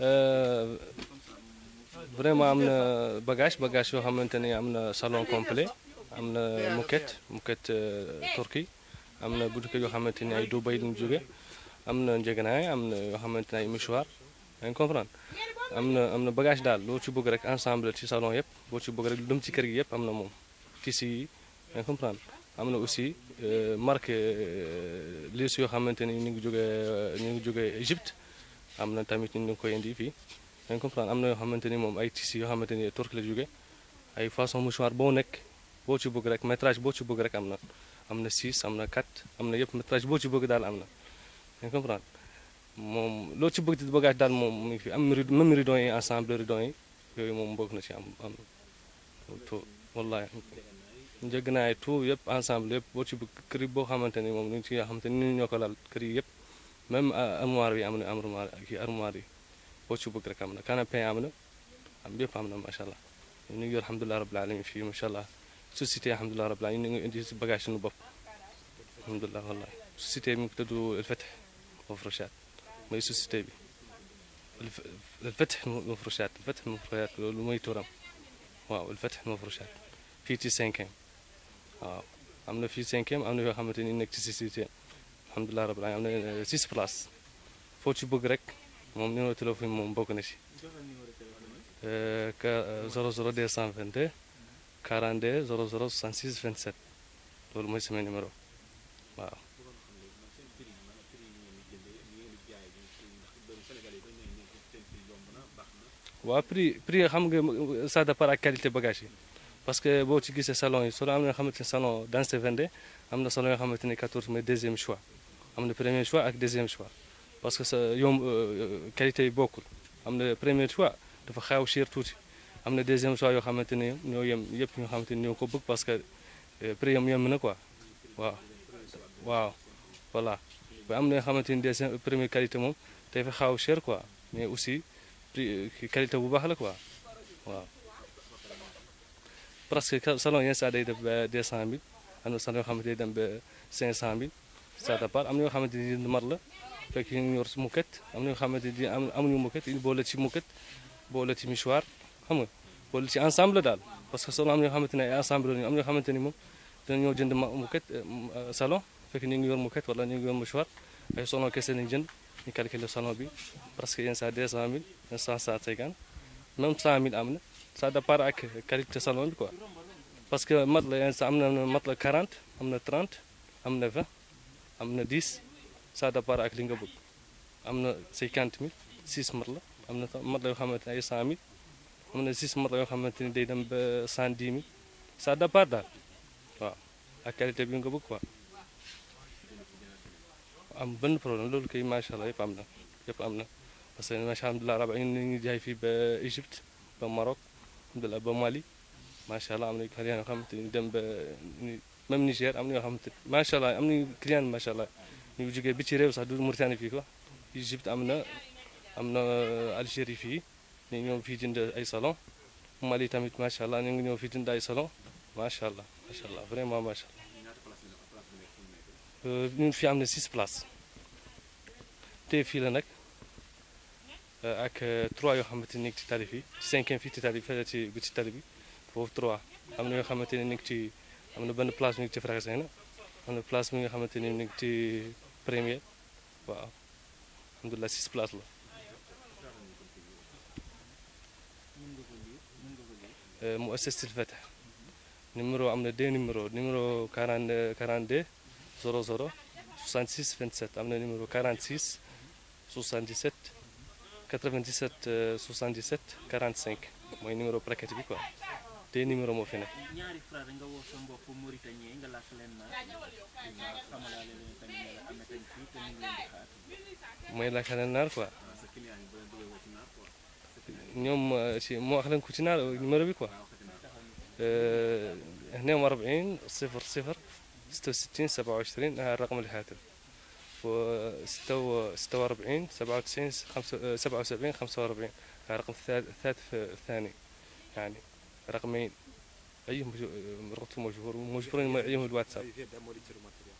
Euh, vraiment am na bagage bagage yoo xamante ni am na salon complet am na moquette moquette euh, turquie am na boutique yoo xamante ni ay Dubaï lañ jóge am na njëganaay am na yoo xamante ne ay mouchoir yaa ngi am na am na bagage daal loo ci bëgg rek ensemble ci salon yëpp boo ci bëgg rek lu dem ci kër gi yëpp am na moom tissu si yaa ngi am na aussi euh, marque liis yoo xamante ni ñu ngi jóge ñu ngi jóge Égypte am na tamit ñu ngi koy indi fii dañ comprendre am na yoo xamante ni moom ay tissu yoo xamante ni turc la jóge ay façon mouchoir boo nekk boo ci bëgg rek métrage boo ci bëgg rek am na am na 6 am na 4 am na yëpp métrage boo ci bëgg daal am na dañ comprendre moom loo ci bëgg di bagage daal moom mu ngi fi am même ridon yi ensemble ridon yi yooyu moom bëgg na ci am am tout wallahi njëgg naay tout yëpp ensemble yëpp boo ci bëgg kër boo xamante ni moom ñu ci yoo xamante ni ñoo ko laal kër yi yëpp même euh, armoire bi am na armoire kii armoire yi boo ci bëgg rek am na canapé am na am yëpp am na macha allah ñu ngi yor alhamdulilah rabbil alamin fii macha allah société alhamdulilah rabbil alamin ñu ngi indi si bagage suñu bopp alhamdulilah wallahi société bi mu tudd El Fath Mafrochaat mooy société bi El Fath Mafrochaat El Fath Mafrochaat loolu mooy turam waaw El Fath Mafrochaat fii ci cinquième waaw am na fii cinquième am na yoo xamante ni nekk ci sixième alhamdulilah rabbil aalamiin am na six places foo ci bëgg rek moom numéro téléphone moom bokk na ci. ka 00 222 42 00 66 27 loolu mooy sama numéro waaw. waaw prix prix xam nga ça dépend ak qualité bagage yi parce que boo ci gisee salon yi solo am na nga xamante ne salon dans ce vendé am na salon yoo xamante ne 14 mai deuxième choix. am na premier choix ak deuxième choix parce que sa yomb euh, euh, qualité yi bokkul am na premier choix dafa xaaw cher tuuti am na deuxième choix yoo xamante ne ñoo yem yëpp ñoo xamante ne ñoo ko bëgg parce que euh, prix yam yem na ko waaw waaw voilà ba am na yoo xamante ni deuxième premier qualité moom tey fa xaaw cher quoi mais aussi prix qualité bu baax la quoi waaw presque salon yenn saa day def ba 200000 am na salon yoo xamante ne day dem ba 500000 à part am na ñoo xamante ni mar la fekk ñu ngi yor moquette am na ñoo ni amuñu boole ci moquette boole ci mouchoir que am na ñoo xamante ne ay ensemble lañu ni moom euh, euh, salon fekk ñu ngi yor moquette wala ay salon kese nañ jënd ñu calculer salon bi parce que yenn saa 200000 yenn saa 150 am na ça dépend ak qualité salon bi quoi am na mat la am na 30 am na 20 am na 10 ça départ ak li nga bëgg am na 50 000 6 mat la am na mat yoo xamante ay 100 am na 6 mat yoo xamante ni day dem ba 110 000 sa départ daal waaw ak qualité bi nga bëgg quoi am benn problème loolu kay macha allah yëpp am na yëpp am na parce que macha allah rab ñu ngi jaay fii ba Égypte ba Maroc alhamdulilah ba Mali macha allah am na yeneen yoo xamante ni dem ba. même Niger am na ñoo xamante macha allah am nañu client macha allah ñu jógee bi ci réew sax du Mauritanie fii quoi Égypte am na am na euh, Algérie fii ñu ñëw fii jënd ay salon Mali tamit macha allah ñu ngi ñëw fii jënd ay salon macha allah macha allah vraiment macha allah. Euh, ñun am na six places te fii la nag euh, ak trois yoo xamante ni nekk ci tali fii ci cinquième ci tali ci tali bi foofu trois am na yoo xamante ne nekk ci. am na benn place mu ngi ci Frères Sénégal am na place mi nga xamante ni mu ngi ci premier waaw alhamdulilah six place la. Euh, mu assistil fete numéro am na deux numéro numéro 40 42 00 66 27 am na numéro 46 77 97 77 45 mooy numéro plaquette bi quoi. te numéro moo fi nekk. ñaari frère nga woo sa mbokk Mauritanie nga laaj leen na xamalaale leen tamit ne la am na tamit fii te mu ngi leen di xaar. mooy laaj leen naar quoi. ñoom euh, si moo wax leen ku ci naar numéro bi quoi. هنا 40 صفر صفر 66 27 هذا الرقم الهاتف و 46 97 75 45 هذا الرقم الهاتف الثاني يعني رقمين أيهم مشهور مشهورين أيهم الواتساب